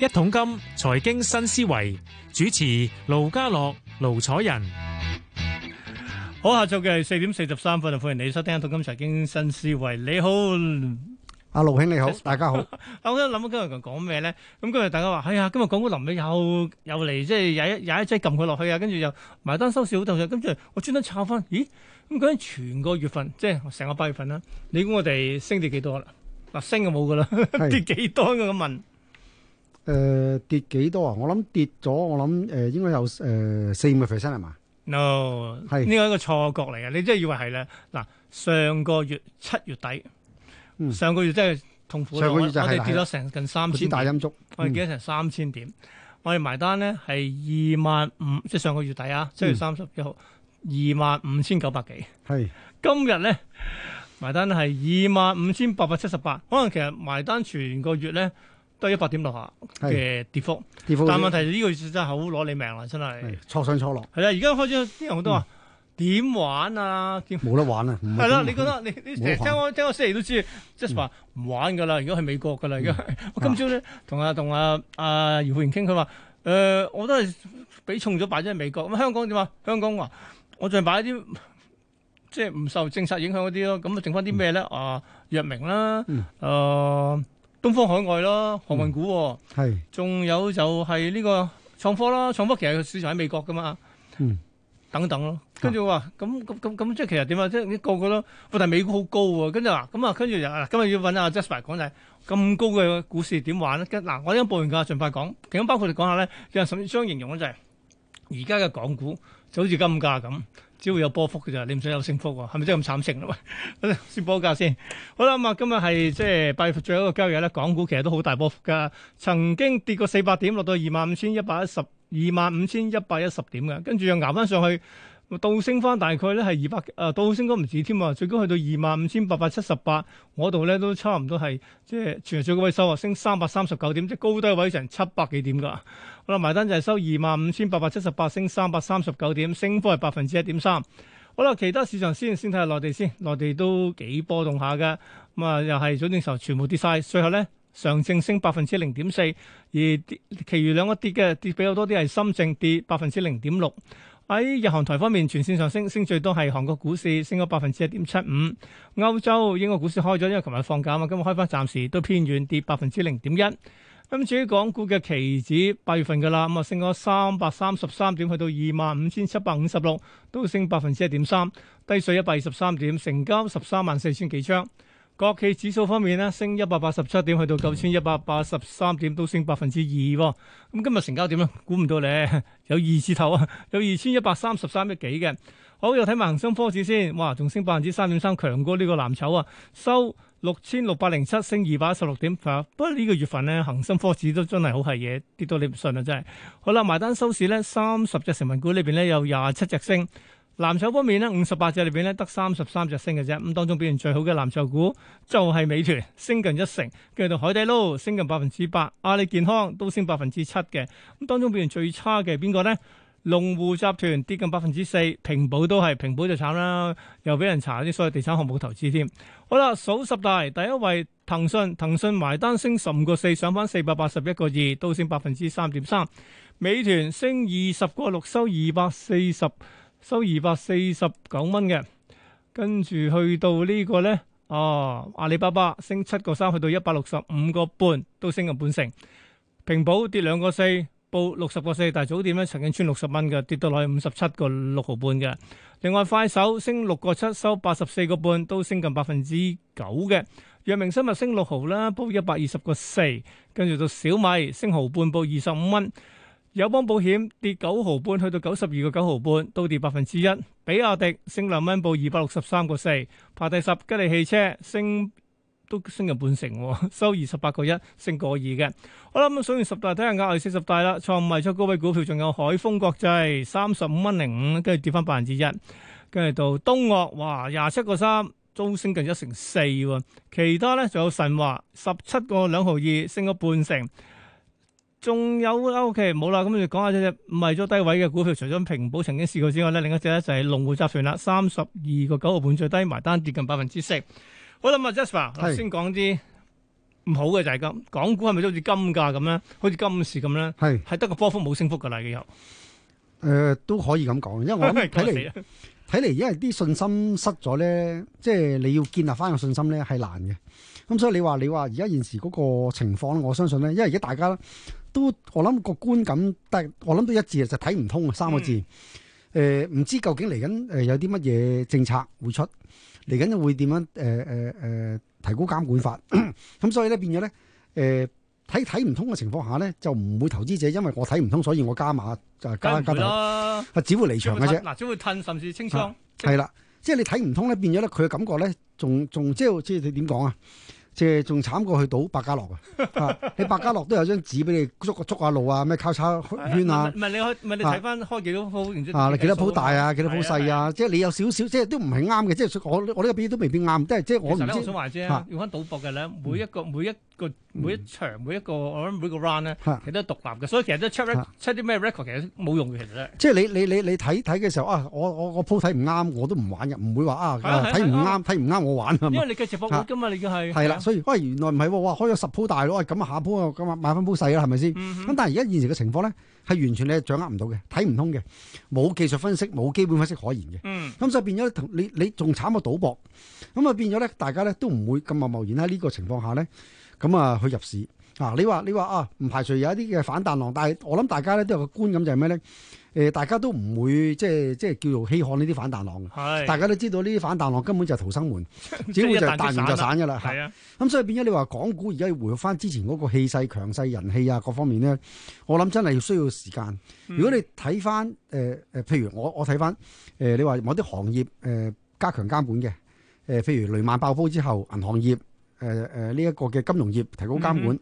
一桶金財經新思維主持盧家樂、盧楚仁。好，下晝嘅係四點四十三分，歡迎你收聽一桶金財經新思維。你好，阿盧兄，你好， 大家好。 我喺度諗今日講咩咧？咁今日大家話，哎呀，今日港股臨尾又又嚟，即係有一有一劑撳佢落去啊！跟住又埋單收市好投入。跟住我專登抄翻，咦？咁嗰陣全個月份，即係成個八月份啦。你估我哋升跌幾多啦？嗱，升就冇噶啦，跌幾 多嘅咁問。誒，跌幾多啊？我諗跌咗，我諗誒，應該有誒四五個 percent 係嘛？No，係呢個一個錯覺嚟！啊！你真係以為係咧？嗱，上個月七月底，上個月真係痛苦。上個月我哋跌咗成近三千大陰燭，我哋跌咗成三千點。我哋埋單咧係二萬五，即係上個月底啊，七月三十一號二萬五千九百幾。係今日咧埋單係二萬五千八百七十八。可能其實埋單全個月咧，都係一百點落下嘅跌幅，但係問題呢個真係好攞你命啦，真係錯上錯落。係啦，而家開始，啲人好多話點玩啊？冇得玩啊？係啦，你覺得你聽我聽我 c i 都知，即係話唔玩噶啦，而家去美國噶啦，而家我今朝咧同阿同阿阿姚浩然傾，佢話誒我都係俾重咗擺咗喺美國，咁香港點啊？香港話我仲係擺啲即係唔受政策影響嗰啲咯，咁啊剩翻啲咩咧？啊藥明啦，誒。東方海外咯，航運股、喔，係、嗯，仲有就係呢個創科啦，創科其實個市場喺美國噶嘛，嗯，等等咯，跟住話咁咁咁咁即係其實點啊？即係你個個都，但係美股好高啊，跟住話咁啊，跟住又，今日要揾阿 Jasper 講就係咁高嘅股市點玩咧？跟嗱，我啱報完價盡快講，其中包括你講下咧，其實想形容咧就係而家嘅港股。就好似金價咁，只會有波幅嘅咋，你唔想有升幅喎，啊，係咪真係咁慘情？咯？ 先波價先，好啦，咁、嗯、啊，今日係即係八月最後一個交易咧，港股其實都好大波幅噶，曾經跌過四百點，落到二萬五千一百一十，二萬五千一百一十點嘅，跟住又巖翻上去，倒升翻大概咧係二百，誒，倒升都唔止添啊，最高去到二萬五千八百七十八，我度咧都差唔多係即係全日最高位收啊，升三百三十九點，即係高低位成七百幾點㗎。好啦，埋單就係收二萬五千八百七十八，升三百三十九點，升幅係百分之一點三。好啦，其他市場先，先睇下內地先，內地都幾波動下嘅。咁、嗯、啊，又係早段時候全部跌晒，最後咧上證升百分之零點四，而跌，其餘兩個跌嘅跌比較多啲，係深證跌百分之零點六。喺日韓台方面，全綫上升，升最多係韓國股市升咗百分之一點七五。歐洲英國股市開咗，因為琴日放假嘛，今日開翻，暫時都偏軟，跌百分之零點一。至於港股嘅期指八月份㗎喇，咁啊升咗三百三十三點，去到二萬五千七百五十六，都升百分之一點三，低水一百二十三點，成交十三萬四千幾張。國企指數方面咧，升一百八十七點，去到九千一百八十三點，都升百分之二。咁、嗯、今日成交點咧，估唔到咧，有二字頭啊，有二千一百三十三億幾嘅。好，又睇埋恒生科指先，哇，仲升百分之三點三，強過呢個藍籌啊，收六千六百零七，升二百一十六點八。不過呢個月份咧，恒生科指都真係好係嘢，跌到你唔信啊，真係。好啦，埋單收市咧，三十隻成分股裏邊咧，有廿七隻升。藍籌方面咧，五十八隻裏邊咧得三十三隻升嘅啫。咁當中表現最好嘅藍籌股就係美團，升近一成；跟住到海底撈，升近百分之八。阿里健康都升百分之七嘅。咁當中表現最差嘅係邊個呢？龍湖集團跌近百分之四，平保都係平保就慘啦，又俾人查啲所有地產項目投資添。好啦，數十大第一位騰訊，騰訊埋單升十五個四，上返四百八十一個二，都升百分之三點三。美團升二十個六，收二百四十。收二百四十九蚊嘅，跟住去到呢個呢，啊阿里巴巴升七個三去到一百六十五個半，都升近半成。平保跌兩個四，報六十個四，但係早前咧曾經穿六十蚊嘅，跌到落去五十七個六毫半嘅。另外快手升六個七，收八十四個半，都升近百分之九嘅。藥明生物升六毫啦，報一百二十個四，跟住到小米升毫半，報二十五蚊。友邦保險跌九毫半，去到九十二個九毫半，都跌百分之一。比亞迪升兩蚊，報二百六十三個四，排第十。吉利汽車升都升近半成，收二十八個一，升個二嘅。好啦，咁數完十大，睇下亞四十大啦。創賣出高位股票，仲有海豐國際三十五蚊零五，跟住跌翻百分之一。跟住到東岳，哇，廿七個三，都升近一成四。其他咧，仲有神華十七個兩毫二，1，升咗半成。仲有啦，OK，冇啦，咁就講下隻隻唔係咗低位嘅股票，除咗平保曾經試過之外咧，另一隻咧就係龍湖集團啦，三十二個九毫半最低埋單跌近百分之四。好啦，阿 Jessica，是、嗯、先講啲唔好嘅就係咁，港股係咪都好似金價咁咧？好似金市咁咧？係係得個波幅冇升幅噶啦，佢又誒都可以咁講，因為我睇嚟。 睇嚟，因為啲信心失咗咧，即係你要建立翻個信心咧，係難嘅。咁所以你話你話，而家現時嗰個情況咧，我相信咧，因為而家大家都我諗個觀感，但我諗到一字啊，就睇唔通啊，三個字。誒，嗯，唔知究竟嚟緊誒有啲乜嘢政策會出，嚟緊會點樣誒誒誒提高監管法。咁 所以咧變咗咧誒。呃睇睇唔通嘅情況下咧，就唔會投資者，因為我睇唔通，所以我加碼就加加多。係咯，只會離場嘅啫。嗱，只會褪，甚至清倉。係啦，即係你睇唔通咧，變咗咧，佢嘅感覺咧，仲仲即係即係你點講啊？即係仲慘過去賭百家樂嘅。你百家樂都有張紙俾你捉捉下路啊，咩交叉圈啊？唔係你唔係你睇翻開幾多鋪？啊，幾多鋪大啊？幾多鋪細啊？即係你有少少，即係都唔係啱嘅。即係我我呢個比喻都未必啱，即係即係我唔。其實咧，我想話啫，講緊賭博嘅咧，每一個每一個每一場每一個，我諗每一個 run 咧，係都係獨立嘅，所以其實都出一出啲咩 record，其實冇用嘅。其實咧，即係你你你你睇睇嘅時候啊，我我個鋪睇唔啱，我都唔玩嘅，唔會話啊睇唔啱睇唔啱，啊啊、我玩啊嘛、啊，因為你技術復活㗎嘛，你嘅係係啦。所以喂，原來唔係、哦、哇，開咗十鋪大咯，咁啊下鋪啊咁啊買翻鋪細啦，係咪先咁？是是嗯、哼但係而家現時嘅情況咧係完全你係掌握唔到嘅，睇唔通嘅，冇技術分析，冇基本分析可言嘅。嗯，咁所以變咗同你你仲慘過、啊、賭博咁啊，變咗咧，大家咧都唔會咁貿貿然喺呢個情況下咧。咁啊，去入市啊！你話你話啊，唔排除有一啲嘅反彈浪，但係我諗大家咧都有個觀感，就係咩咧？誒，大家都唔會即係即係叫做稀罕呢啲反彈浪嘅。係，大家都知道呢啲反彈浪根本就係逃生門，只會就彈完就散噶啦。係啊，咁所以變咗你話港股而家要回復翻之前嗰個氣勢、強勢、人氣啊各方面咧，我諗真係要需要時間。如果你睇翻誒誒，譬如我我睇翻誒，你話某啲行業誒加強監管嘅誒，譬如雷曼爆煲之後銀行業。誒誒，呢一、呃這個嘅金融業提高監管，嗯、哼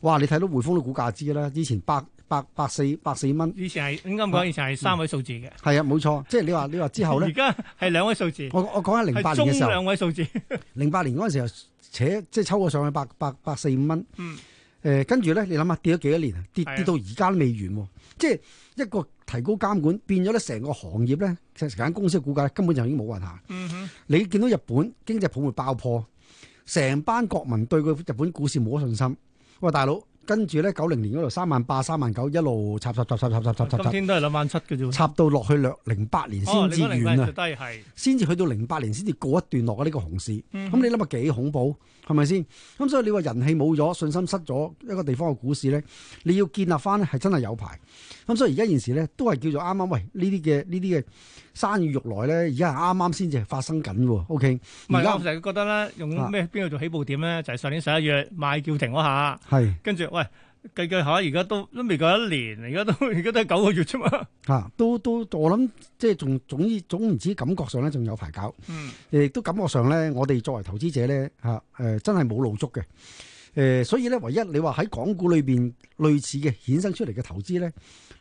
哇！你睇到匯豐嘅股價知啦，以前百百百四百四蚊，以前係應該講以前係三位數字嘅，係啊、嗯，冇錯，即係、就是、你話你話之後咧，而家係兩位數字。我我講緊零八年嘅時候，係兩位數字。零 八年嗰陣時候，且即係抽過上去百百百四五蚊。誒、嗯，跟住咧，你諗下跌咗幾多年啊？跌跌，跌，跌到而家都未完，即係的一個提高監管，變咗咧成個行業咧，成間公司嘅股價根本就已經冇運行。嗯、哼你見到日本經濟泡沫爆破。成班國民對個日本股市冇信心，喂大佬，跟住咧九零年嗰度三萬八、三萬九一路插插插插插插插插插，今日都係兩萬七嘅啫，插到落去兩零八年先至完啊！先至去到零八年先至告一段落啊！呢個熊市，咁你諗下幾恐怖係咪先？咁所以你話人氣冇咗，信心失咗，一個地方嘅股市咧，你要建立翻咧係真係有排。咁所以而家現時咧都係叫做啱啱喂呢啲嘅呢啲嘅。山雨欲來咧，而家係啱啱先至發生緊喎。O K，唔係啱，我成日覺得咧，用咩邊度做起步點咧？就係、是、上年十一月賣叫停嗰下，係是跟住喂，計計下，而家都都未夠一年，而家都而家都九個月啫嘛。吓、啊，都都我諗即係仲總之總唔止，感覺上咧仲有排搞。嗯，亦都感覺上咧，我哋作為投資者咧，吓、啊、誒、呃，真係冇露足嘅。誒，所以咧，唯一你話喺港股裏邊類似嘅衍生出嚟嘅投資咧，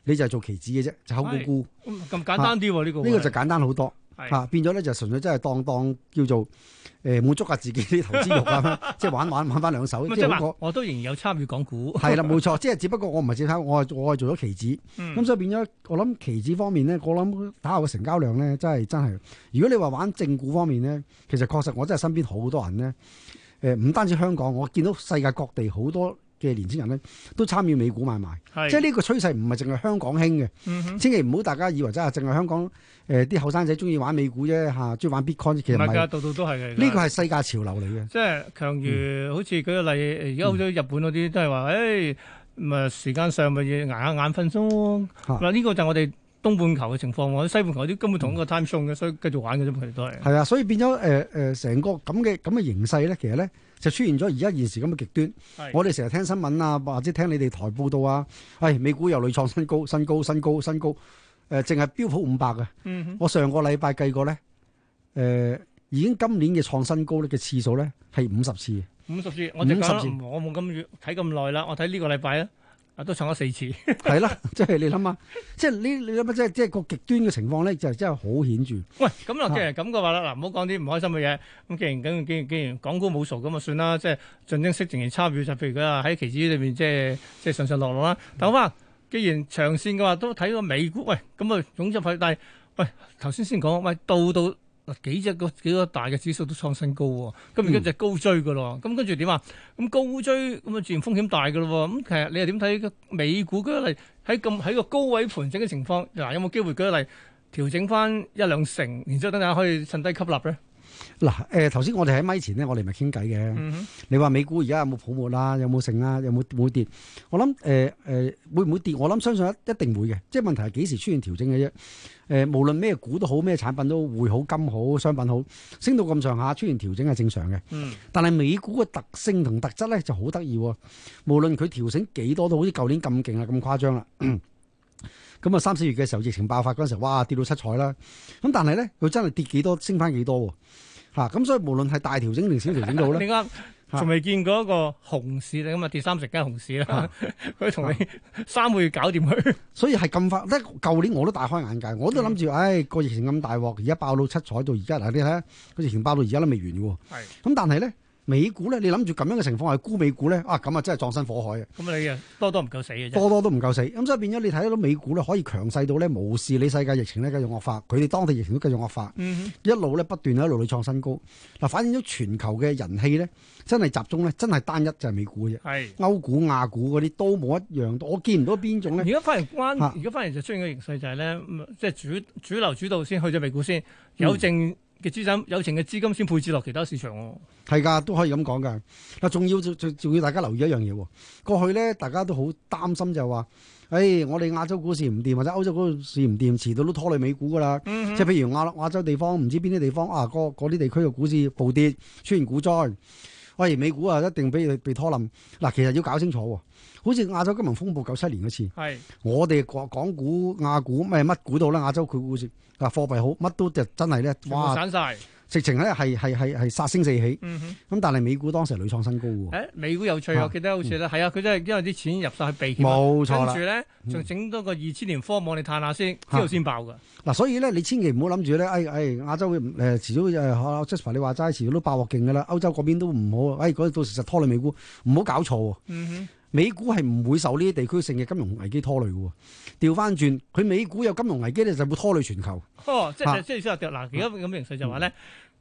你就係做期指嘅啫，就后股股咁簡單啲，呢個呢個就簡單好多吓，變咗咧就純粹真係當當叫做誒滿足下自己啲投資欲啊，即係玩玩玩翻兩手。即係我我都仍然有參與港股。係啦，冇錯，即係只不過我唔係只睇，我係我係做咗期指，咁所以變咗我諗期指方面咧，我諗打下嘅成交量咧，真係真係。如果你話玩正股方面咧，其實確實我真係身邊好多人咧。誒唔、呃、單止香港，我見到世界各地好多嘅年青人咧，都參與美股買賣。是即係呢個趨勢唔係淨係香港興嘅，嗯、哼千祈唔好大家以為真係淨係香港誒啲後生仔中意玩美股啫嚇，中、啊、意玩 Bitcoin。其實唔係㗎，度度都係。呢個係世界潮流嚟嘅。即係強如、嗯、好似舉個例，而家好多日本嗰啲、嗯、都係話，誒咪啊時間上咪要捱下眼瞓鬆。嗱，呢個就我哋。東半球嘅情況，或者西半球啲根本同一個 time zone 嘅，嗯、所以繼續玩嘅啫，佢哋都係。係啊，所以變咗誒誒，成、呃、個咁嘅咁嘅形勢咧，其實咧就出現咗而家現時咁嘅極端。是我哋成日聽新聞啊，或者聽你哋台報道啊，係、哎、美股由屢創新高，新高新高新高，誒，淨係、呃、標普五百嘅。嗯、哼我上個禮拜計過咧，誒、呃，已經今年嘅創新高咧嘅次數咧係五十次。五十次，五十我冇咁遠睇咁耐啦，我睇呢個禮拜啊。 啊，都唱咗四次，係啦，即係你諗下，即係呢？你諗即係即係個極端嘅情況咧，就真係好顯著。喂，咁啦，既然咁嘅話啦，嗱，唔好講啲唔開心嘅嘢。咁既然，既然，既然港股冇熟咁啊，算啦。即係盡征息，仍然參與就譬如佢啊，喺期指裏面，即係即係上上落落啦。但好翻，既然長線嘅話都睇個美股，喂，咁啊，總進但係。喂，頭先先講，喂，到到。嗱，幾隻個幾多大嘅指數都創新高喎，咁而家就高追㗎喇，咁跟住點啊？咁高追咁啊自然風險大㗎喇，咁其實你又點睇個美股？舉例喺咁喺個高位盤整嘅情況，嗱，有冇機會舉例調整返一兩成，然之後等等可以趁低吸納咧？嗱誒，頭先、啊呃、我哋喺咪前咧，我哋咪傾偈嘅。嗯、哼你話美股而家有冇泡沫啦？有冇剩啊？有冇、啊呃、會，會跌？我諗誒誒，會唔會跌？我諗相信一一定會嘅。即係問題係幾時出現調整嘅啫？誒、呃，無論咩股都好，咩產品都會好金好商品好升到咁上下，出現調整係正常嘅。嗯、但係美股嘅特性同特質咧就好得意。無論佢調整幾多，都好似舊年咁勁啦，咁誇張啦。咁啊，三四月嘅時候疫情爆發嗰陣時候，哇，跌到七彩啦。咁但係咧，佢真係跌幾多，升翻幾多。吓咁、啊、所以無論係大調整定小調整都好啦，點解仲未見過一個熊市咧？咁啊跌三成梗係熊市啦！佢同、啊、 你三個月搞掂佢，啊、 所以係咁快。得舊年我都大開眼界，我都諗住，唉個疫情咁大鑊，而家爆到七彩到而家嗱，你睇下個疫情爆到而家都未完嘅喎。係咁是、啊、但係咧。美股咧，你諗住咁樣嘅情況係沽美股咧，啊咁啊真係葬身火海啊！咁啊，你多多唔夠死嘅啫，多多都唔夠死，咁所以變咗你睇到美股咧，可以強勢到咧無視你世界疫情咧繼續惡化，佢哋當地疫情都繼續惡化，嗯、哼一路咧不斷喺度去創新高，嗱，反映咗全球嘅人氣咧真係集中咧真係單一就係、是、美股嘅啫，係歐股、亞股嗰啲都冇一樣，我見唔到邊種咧。而家返嚟關，而家返嚟就出現嘅形勢就係咧，即係主主流主導先去咗美股先，有證。嗯嘅資金，有情嘅資金先配置落其他市場喎。係㗎，都可以咁講㗎。嗱，仲要仲仲要大家留意一樣嘢喎。過去咧，大家都好擔心就係話，誒、哎，我哋亞洲股市唔掂，或者歐洲股市唔掂，遲到都拖累美股㗎啦。嗯嗯，即係譬如亞亞洲地方，唔知邊啲地方啊，嗰啲地區嘅股市暴跌，出現股災。喂，美股啊，一定俾你被拖冧。嗱，其實要搞清楚喎，好似亞洲金融風暴九七年嗰次，係是我哋港港股、亞股咩乜股到啦，亞洲佢股市啊貨幣好，乜都就真係咧，哇全部散晒。直情咧係係係係殺聲四起，咁、嗯、哼但係美股當時係屢創新高嘅喎、哎。美股有趣我記得好似咧，係啊，佢真係因為啲錢入晒去避險，冇錯，跟住咧仲整多個二千年科網，你探下先，之後先爆嘅。嗱、啊啊啊，所以咧你千祈唔好諗住咧，誒、哎、誒、哎、亞洲會誒、呃、遲早誒，阿、啊、Jasper 你話齋遲早都爆鑊勁嘅啦。歐洲嗰邊都唔好，誒、哎、嗰到時就拖你美股，唔好搞錯喎、啊。嗯哼。美股係唔會受呢啲地區性嘅金融危機拖累嘅喎，掉返轉佢美股有金融危機咧，就會拖累全球。哦，即係、啊、即係話掉嗱，而家咁嘅形勢就話咧，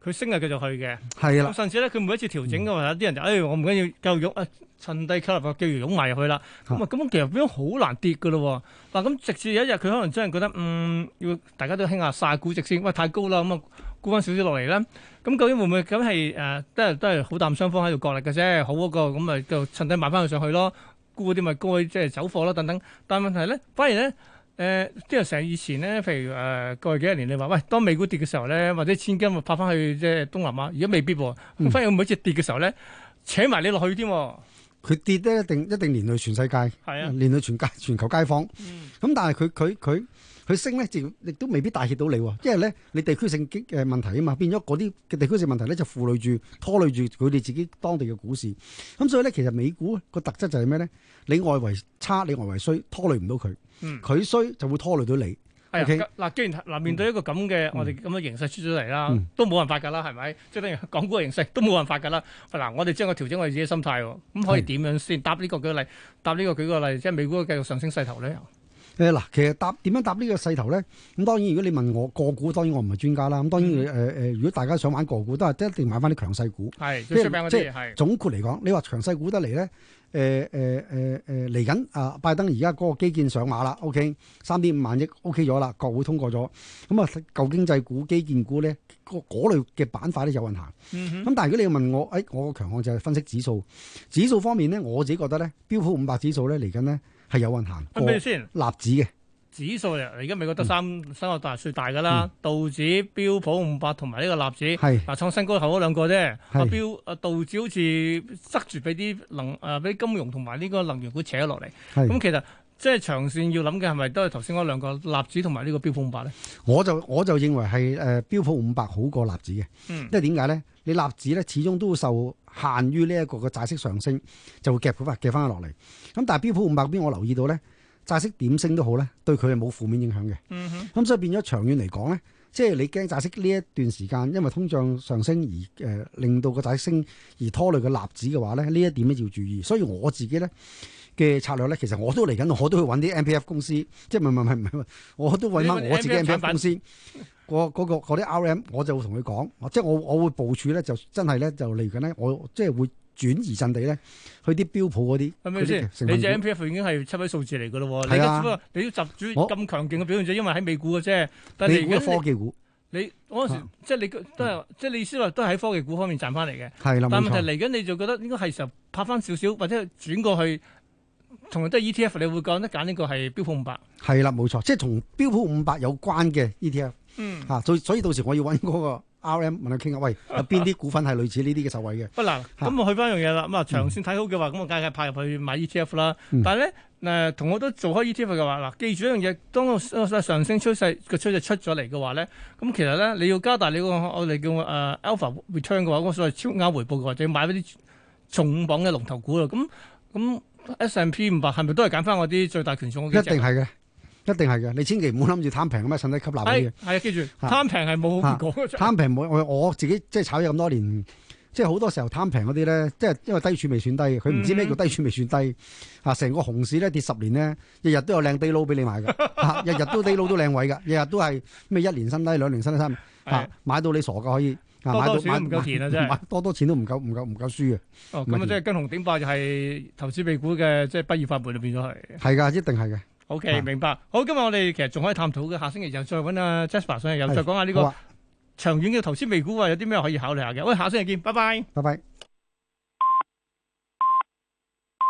佢升係繼續去嘅，係啦、嗯。咁甚至咧，佢每一次調整嘅話，有啲人就誒、哎，我唔緊救要救擁啊，趁低吸納個機會湧埋入去啦。咁啊，咁其實變咗好難跌嘅咯。嗱，咁直至有一日佢可能真係覺得嗯，要大家都興下晒估值先，喂、哎、太高啦咁啊。嗯沽翻少少落嚟啦，咁究竟會唔會咁係誒？都係都係好淡雙方喺度角力嘅啫，好嗰咁咪就趁低買翻佢上去咯，沽嗰啲咪沽即係走貨咯等等。但問題咧，反而咧誒，即係成日以前咧，譬如誒、呃、過去幾十年你，你話喂，當美股跌嘅時候咧，或者千金咪拋翻去即係東南亞，而家未必喎。反而每一次跌嘅時候咧，請埋、嗯、你落去添。佢跌咧，一定一定連累全世界，係啊，連累全街全球街坊。咁、嗯、但係佢佢佢。佢升咧，亦都未必大協到你喎，因為咧，你地區性嘅問題啊嘛，變咗嗰啲嘅地區性問題咧，就負累住、拖累住佢哋自己當地嘅股市。咁所以咧，其實美股個特質就係咩咧？你外圍差，你外圍衰，拖累唔到佢。佢、嗯、衰就會拖累到你。嗯、OK？嗱、啊，既然嗱、啊、面對一個咁嘅我哋咁樣形勢出咗嚟啦，都冇辦法噶啦，係咪？即係等於港股嘅形勢都冇辦法噶啦。嗱，我哋只係調整我哋自己嘅心態，咁可以點樣先？答呢個舉個例，答呢個舉個例，即係美股繼續上升勢頭咧。誒嗱，其實答點樣答呢個勢頭咧？咁當然，如果你問我個股當我，當然我唔係專家啦。咁當然，誒誒，如果大家想玩個股，都係一定買翻啲強勢股。係最出名嗰啲，係實是總括嚟講，你話強勢股得嚟咧？誒誒誒誒，嚟、呃、緊、呃、啊！拜登而家嗰個基建上馬啦。O K.，三點五萬億 O K. 咗啦，國會通過咗。咁啊，舊經濟股、基建股咧，嗰嗰類嘅板塊咧有運行。咁、嗯、哼但係如果你要問我，誒、哎，我嘅強項就係分析指數。指數方面咧，我自己覺得咧，標普五百指數咧嚟緊咧。係有運行，分俾你先。納指嘅指數啊，而家美國得三、嗯、三個大最大噶啦，道指、標普五百同埋呢個納指，係嗱創新高後嗰兩個啫。標阿是道指好似塞住俾啲能誒，俾、啊、金融同埋呢個能源股扯咗落嚟。咁是、嗯嗯、其實即係長線要諗嘅係咪都係頭先嗰兩個納指同埋呢個標普五百咧？我就我就認為係誒、呃、標普五百好過納指嘅，嗯，因為點解咧？你納指咧，始終都會受限於呢一個嘅債息上升，就會夾佢翻，夾翻佢落嚟。咁但係標普五百邊，我留意到咧，債息點升都好咧，對佢係冇負面影響嘅。嗯哼。咁、嗯、所以變咗長遠嚟講咧，即係你驚債息呢一段時間，因為通脹上升而誒、呃、令到個債息升而拖累個納指嘅話咧，呢一點咧要注意。所以我自己咧嘅策略咧，其實我都嚟緊，我都去揾啲 M P F 公司，即係唔係唔係唔係唔係，我都揾翻我自己 M P F 公司。個嗰啲 RM，我就會同佢講，即係我我會部署咧，就真係咧，就嚟緊咧，我即係會轉移陣地咧，去啲標普嗰啲係咪先？是是你隻 M P F 已經係七位數字嚟㗎咯喎！係啊，你要集住咁強勁嘅表現者，就因為喺美股嘅啫。但係你而家科技股，你當時、啊、即係你都係、嗯、即係意思話都係喺科技股方面賺翻嚟嘅。係啦，冇錯，但係問題嚟緊，你就覺得應該係時候拍翻少少，或者轉過去，同埋都 E T F。你會講得揀呢個係標普五百。係啦，冇錯，即係同標普五百有關嘅 E T F。嗯吓、啊，所以到時我要揾嗰個 R M 問佢傾下喂，有邊啲股份係類似呢啲嘅受惠嘅？不難、啊，咁、啊啊、我去翻樣嘢啦。咁啊長線睇好嘅話，咁我梗係派入去買 E T F 啦。嗯、但係咧誒，同我都做開 E T F 嘅話，嗱、啊，記住一樣嘢，當個上升趨勢個趨勢出咗嚟嘅話咧，咁其實咧你要加大你個我哋叫誒 alpha return 嘅話，個所謂超額回報嘅話，就要買嗰啲重磅嘅龍頭股啦。咁咁 S&P 五百係咪都係揀翻我啲最大權重嗰幾隻？一定係嘅。一定係嘅，你千祈唔好諗住貪平咁咪，趁低吸納你嘅。係啊，記住貪平係冇好結果。貪平冇，我我自己即係炒咗咁多年，即係好多時候貪平嗰啲咧，即係因為低處未算低，佢唔知咩叫低處未算低。啊，成個熊市咧跌十年咧，日日都有靚低撈俾你買嘅，日日都低撈都靚位嘅，日日都係咩一年新低，兩年新低，三啊買到你傻噶可以啊，買到買唔夠錢啊，即係多多錢都唔夠，唔夠唔夠輸嘅。哦，咁啊，即係跟紅頂白就係投資美股嘅，即係不二法門就變咗係。係噶，一定係嘅。OK、嗯、明白。好，今日我哋其實仲可以探討嘅，下星期又再揾阿、啊、Jasper，上又再講下呢個長遠嘅投資美股啊，有啲咩可以考慮下嘅。喂，啊、下星期見，拜拜，拜拜。